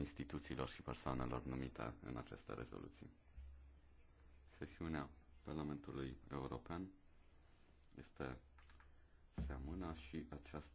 instituțiilor și persoanelor numite în aceste rezoluții. Sesiunea Parlamentului European este se amână și această